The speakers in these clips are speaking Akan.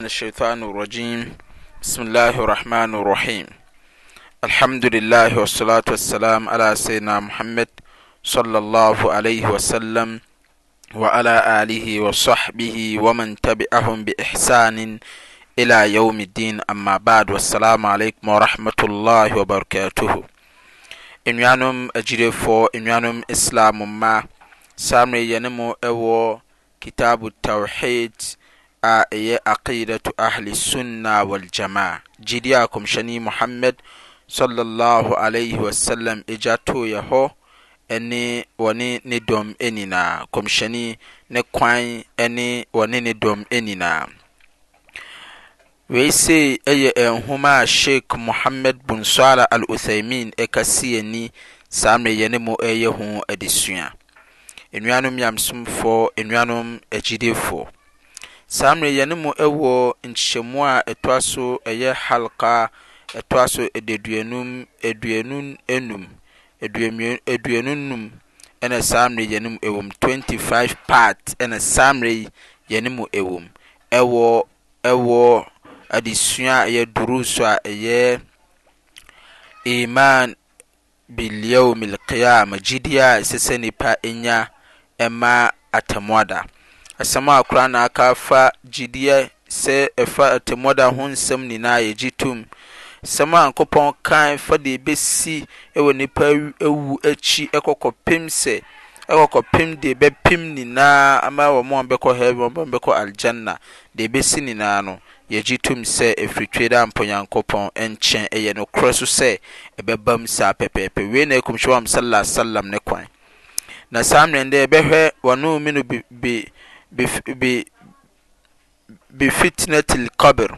من الشيطان الرجيم بسم الله الرحمن الرحيم الحمد لله والصلاة والسلام على سيدنا محمد صلى الله عليه وسلم وعلى آله وصحبه ومن تبعهم بإحسان إلى يوم الدين أما بعد والسلام عليكم ورحمة الله وبركاته إنيانم أجريفو إنيانم إسلام ما سامي ينمو أو كتاب التوحيد a iya aqidatu ahli sunna wal jamaa gyidi a muhammad sallallahu alaihi wasallam ɛgya too yɛ ho wani ni ne dɔm na kumshani ne kwan wani ni ne dɔm na wei se ɛyɛ nhoma a sheikh muhammad bin sala al uthaimin ɛkasi ani saa mmerɛyɛ ne mu ɛyɛ ho adesua nnuanom nyamsomfoɔ nnuanom agyidefoɔ saa mmerɛ yɛne mu wɔ nhyɛmu a ɛtoa so ɛyɛ halka ɛtoa so ɛda aduonum aduonu aduanu num ɛna saa mmerɛ yɛne mo wɔ mu twenty part ɛna saa mmerɛ yɛne mu wɔ mu ɛwɔ ɛwɔ adesua a ɛyɛ so a ɛyɛ iman biliyaw qiyama gyidi a ɛsɛ sɛ nipa nya ɛma atamuada. asɛm a koraa na aka fa gyidiɛ sɛ ɛfa tɛmmɔda ho nsɛm nyinaa yɛgye tom sɛm a yankopɔn kan fa de bɛsi wɔ nnipa wu akyi e debɛpe nyinaa maɔkɔ hkɔ aljanna de bɛsi nyinaa no yɛgye tom sɛ ɛfirite dɛ ampɔnyankopɔn nkyɛn yɛ no korɛ so sɛ ɛbɛba m saa pɛpɛpɛ eikhyɛ sasaam kwanaɛ befitnat alkabr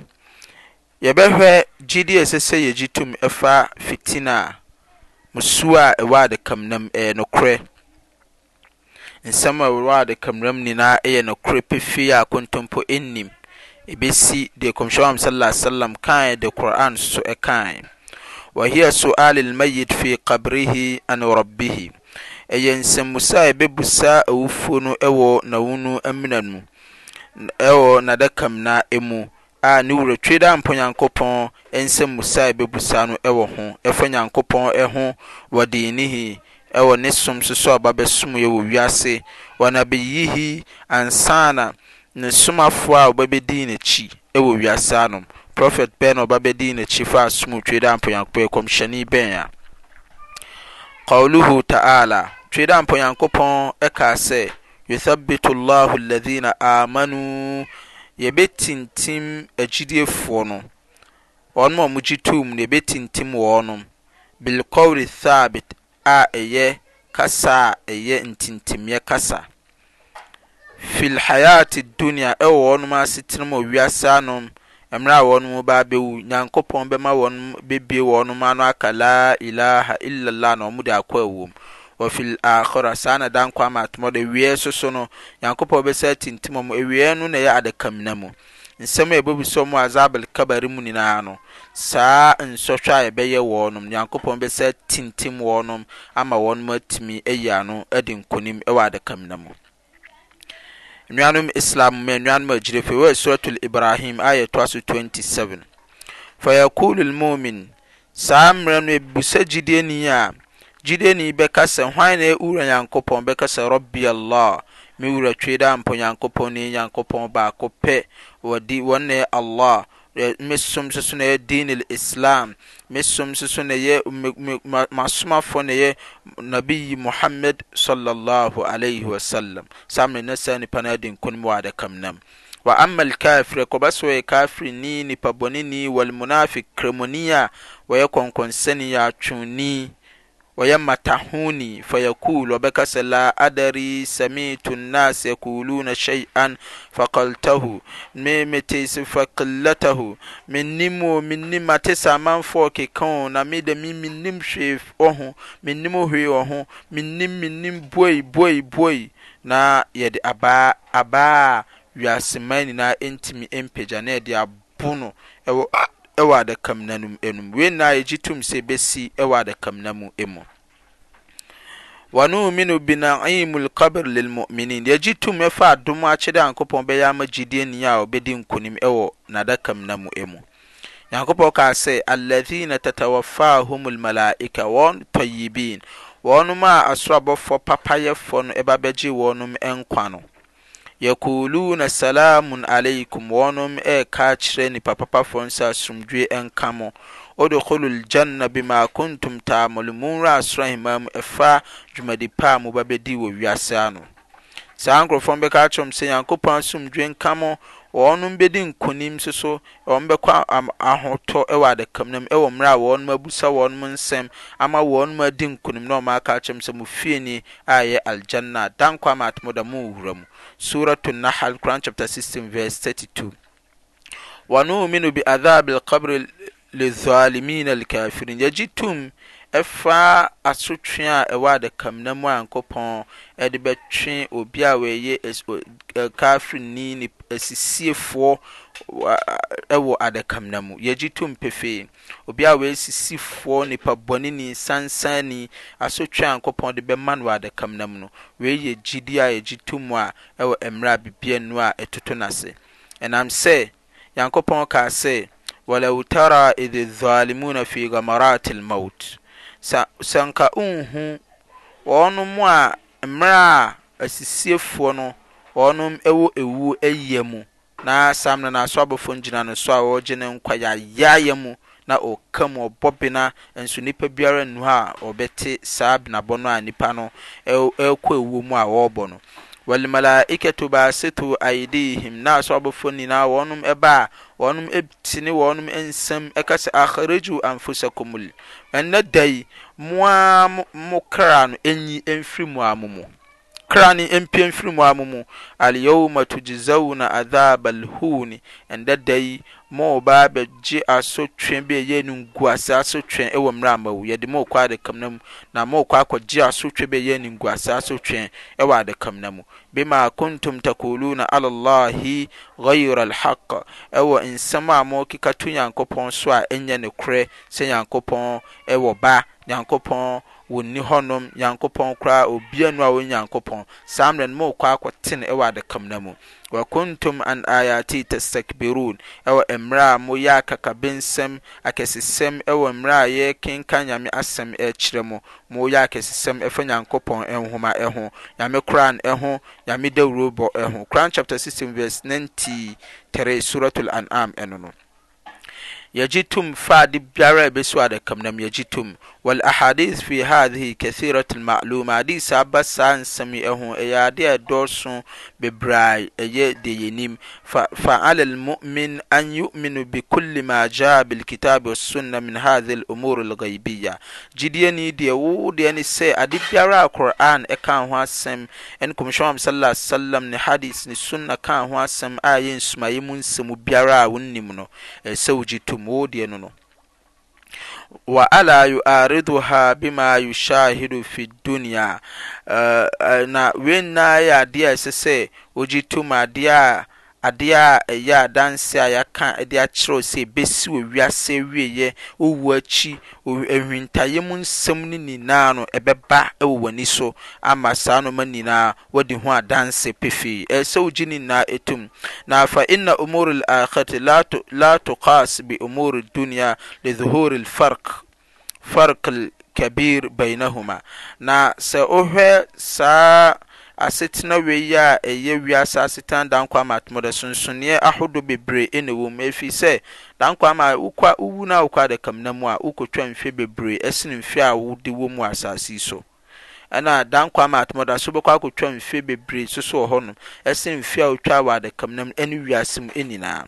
yɛbɛhwɛ gidiasesɛi yɛgyi tum ɛfa fitinaa mosuo a ɛwade kamenam ɛ nokorɛ nsɛm ɛwadekamenam ninaa ɛyɛ nokorɛ pefiya kontompo ɛnnim bɛsi de kromshɛam salah sallam kae de quran so ɛkae wa hia sual al mayit fe kabrihi an rabbihi Ɛyɛ nsɛmmusa a yɛbɛbusa awufoɔ no wɔ n'awunu amena mu, wɔ n'adakamena mu a ne werɛ twe dɛ ampa Onyankopɔn nsɛmmusa a yɛbɛbusa no wɔ ho, ɛfa Onyankopɔn ho wɔ diinihi, wɔ ne som so sɛ ɔba abɛsom yɛn wɔ wiase, wɔ n'abɛyihi ansa na ne somafoɔ a wɔba abɛdi n'akyi wɔ wiase ano. Prɔfɛt bɛn na ɔba abɛdi n'akyi fa asom twe dɛ ampa Onyankopɔn, kɔmhyɛni bɛn a. قوله تعالى twei dɛ ampa nyankopɔn ɛkaa sɛ yuthabitu llahu alladhina amanu yɛbɛtintim agyidiefoɔ no ɔnom a mogye tom no yɛbɛtintim wɔnom bilkawre thabit a ɛyɛ kasa a ɛyɛ ntintimyɛ kasa filhayati dunia ɛwɔ wɔnom asetena mu owiasa nom mmerɛ a wɔnom ba abɛwu nyankopɔn bɛma wɔnom bɛbie wɔnom ano aka la ilaha illallah na ɔmo de akɔ awom filaira saa na danko amatom de awiei soso no nyankopɔn bɛsa tintim ɔmu awiei no na ɛyɛ adakamina mu nsɛm a bobiso mu azabel kabare mu nyinaa no saa nsɔhwɛ a ɛbɛyɛ wɔɔ nom nyankopɔn bɛsa tintim wɔnom ama wɔnom atumi ayia no adi nkonim wɔ adakamina mu nnao isa nnanm yirfi srat ibrahim ayɛtoa so 27 gide ni bɛkasɛ hwan ne uura nyankopɔn bɛkasɛ rɔbialah me wura tw da a mpɔ nyankopɔn ni nyankopɔn baako p n allah esomsosonɛ din lislam e somasomafɔ neyɛ nabiyi muhamad swsaam samnenasa nnipa no adinkonem wɔadakamenam ɔ ama lkafir akbs ɔyɛ kafirni nipabɔneni wlmunafic kramɔni a ɔyɛ kɔnkɔnsani yaatwoni wɔya ma tahoni fa yakul ɔbɛkasɛ la adari samito nnas yakuluna shɛyan fa kaltaho eets fa kilataho meemate saamanf keka o na medm ennih ɔ ho menni he wɔ ho ebo na yɛde abaaa wasema nyinaa ntimi mpɛgya na ade abo no ɔwanuminu benaim lkabr lelmuminin ɛgye tum ɛfa adom akyɛdɛ nyankopɔn bɛyɛ ma gyidi ania a ɔbɛdi nkonim wɔ n'adakamna mu mu nyankopɔn kaa sɛ alahina tatawfaahum almalaika wɔ tyibin wɔ nom a asorabɔfoɔ papayɛfɔ no ɔbabɛgye wɔnom nkwa no yakuluna salamun alaikum wɔnom ɛɛka kyerɛ nipa papa fɔɔ n sa somdwe nka mɔ odokulu ljanna bi maa kuntum taamole munwera asoro ahenman mu ɛfa dwumadi paa mu ba bɛdi wɔ wiase ano saa nkurɔfɔm bɛka kyerɛ m sɛ nyankopɔn asomdwe nka mɔ wɔn bɛdi nkonim soso wɔn bɛkɔ ahotɔ wɔ adaka mu wɔ mmerɛ a wɔn abusa wɔn nsɛm ama wɔn adi nkonim na wɔn aka akyerɛ mu sɛ mo fie ni a yɛ aljanna dan kɔ ama atomo da mo wura mu suratu nahal quran chapter sixteen verse thirty two wɔn mu bi adhab al-qabr lizalimina al-kafirin tum. ɛfa asotwe a ɛwɔ adakamena mu a nyankopɔn ɛde bɛtwe obi a wɔyɛ kafrini ne asisiefoɔ ɛwɔ adakamena mu yɛgye tom pefee obi a wɔyɛ sisifoɔ nipa bɔneni sansani asotwe a nyankopɔn de bɛma no wɔ adakamena mu no wei yɛ gyidi a yɛgye tom a ɛwɔ mmerɛ a bibia no a ɛtoto n'ase ɛnam sɛ nyankopɔn kaa sɛ ولو ترى إذ الظالمون في غمرات الموت sa sanka unhu wɔn mu a mmerɛ a asisiefoɔ no wɔn wɔ ewu ayɛ mu na sam na n'aso abɔfo gyina ne so a wɔregye ne nkwa yɛayɛ mu na ɔka mu ɔbɔ bena nso nipa biara nnu a ɔbɛte saa benabɔ no a nipa no ɛkɔ ewu mu a wɔrebɔ no walmalaikato baseto aidihim na so abɔfo nyinaa wɔnom ɛba a wɔnom tine wɔnom nsam ɛka sɛ ahraju amfusacum ɛnna dayi moaa mo kra no ɛyi mfiri mu a mo mu kra ne mpie mfiri mu a mo mu alyawma tujzauna adhaba alhuni ɛndɛ da yi ma ɔbaa bɛgye asotwe bi a ɛyɛ no nguasa asotwe wɔ mmerɛ amawu yɛde ma ɔkɔ adakam na mu na ma ɔkɔ akɔgye asotwe bi a ɛyɛ no nguasa asotwe wɔ kam na mu ma kuntum takuluna ala allahi ghayra alhaq ɛwɔ nsɛm a mokeka to nyankopɔn so a ɛnyɛ nokorɛ sɛ nyankopɔn ɛwɔ ba nyankopɔn wɔnni hɔnom nyankopɔn kora obia nu a wɔ nyankopɔn saa mmerɛno moo kɔakɔten wɔ adakamena mu wacuntum an ayati ta sɛkbirun ɛwɔ mmerɛ a mo yɛ kakabɛnsɛm akɛsesɛm ɛwɔ mmerɛ a yɛkenka nyame asɛm ɛkyerɛ mu moyɛ akɛsɛsɛm ɛfa nyankopɔn nhoma ho nyame koran ho nyamedawur bɔ hona والاحاديث في هذه كثيرة المعلومة دي سابة سان سمئه يا دي ادوسو ببراي اي دي نيم فعل المؤمن ان يؤمن بكل ما جاء بالكتاب والسنة من هذه الامور الغيبية جديني دي وو دي سي ادي بيارا قران اكان هو اسم ان كومشوم صلى الله عليه وسلم ني حديث ني سنة كان هو اسم اي من سمو بيارا ونم نو سوجي تمو دي نو wa ala yuariduha bima yushahidu fi لdunيana eh, eh, wennayi adia sese oji tum adia adeɛ a ɛyɛ adanse a yɛaka de akyerɛw sɛ bɛsi wɔ wiase wieɛ wowu akyi ahwintaeɛ mu nsɛm no nyinaa no ɛbɛba wɔ w'ani so ama saa noma nyinaa wɔde ho adanse pefee ɛyɛ sɛ wogye ne nyinaa ɛtum na fa inna umur alakhirati la tuqas bi umur dunya li dhuhur alfarq farq kabir bainahuma na sɛ wohwɛ saa asetena yi a ɛyɛ asetan asetena ma atomɔdɛ sonsoneɛ ahodoɔ bebree na ɛwɔ mu ɛfiri sɛ dankwama a wokɔ wowu no a wokɔ na mu a wokɔtwa mfe bebree ɛsene mfe a wode wɔ mu asase yi so ɛna ma atomɔda so bɛkɔ akɔtwa mfe bebree soso wɔ hɔnom ɛsene mfe a wotwa wɔ adaka mu ɛne wiase mu nyinaa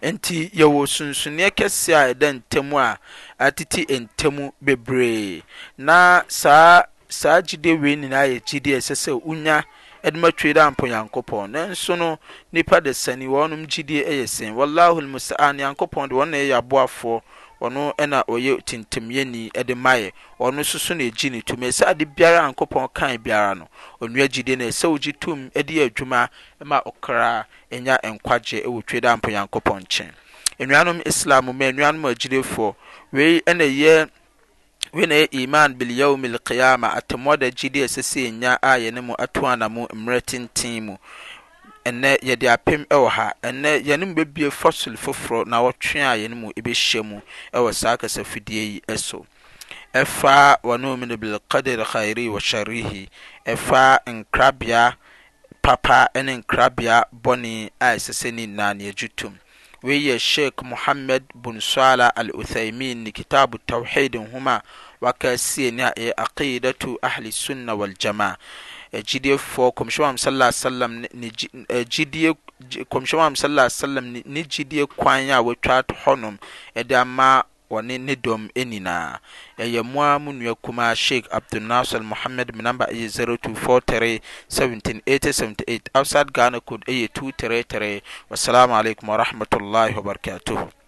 nti yɛwɔ sunsuneɛ kɛseɛ a ɛda ntam a atete ntam bebree na saa saa gyide wei nyinaa yɛgyidie ɛsɛ sɛ wonya de matwe dɛ amponyankopɔn anso no nipa dsani ɔnom gyidie yɛ s wlahu lmusaan nyankopɔn de ɔnɛyɛ boafoɔ ɔnnaɔyɛtintemnide maɔnssge mɛsɛde biraankopɔnkae aranagnsɛgytdwmamakra nya nkwagye wɔ tw d ampnyankopɔn nkyɛn anuanom islam ma nanom agyidefoɔeiny wei neɛ iman binyoum alqiama atammɔda gyideɛ asesɛɛnya a yɛne mu ato anamu mmerɛ tenten mu ɛnnɛ yɛde apem ɛwɔ ha ɛnnɛ yɛne mu bɛbie fossil foforɔ na wɔtwe a yɛn mu e bɛhyia mu ɛwɔ e saa kasafidie yi ɛso e ɛfa wanomino bilkader hirii wa sharihi ɛfa nkrabea papa ne nkrabea bɔne a ɛsɛ sɛ ni nnaa ne agyutom ويه الشيخ محمد بن صالح الأثيمين لكتاب التوحيد هما وكاسين يا يعني عقيدة أهل السنة والجماعة جديد فوقكم شو أم صلى الله عليه وسلم جديد كم شو أم صلى الله عليه وسلم نجديد كوانيا وتشات حنم إدامة wan nedom enina aya moas munuwa kuma sheikh abdunasel mohammad minamba ay 02 4 t 7878 awsad gana kod aye 2 tere tre wasalamu aleykum warahmatuullahi wabarkatuh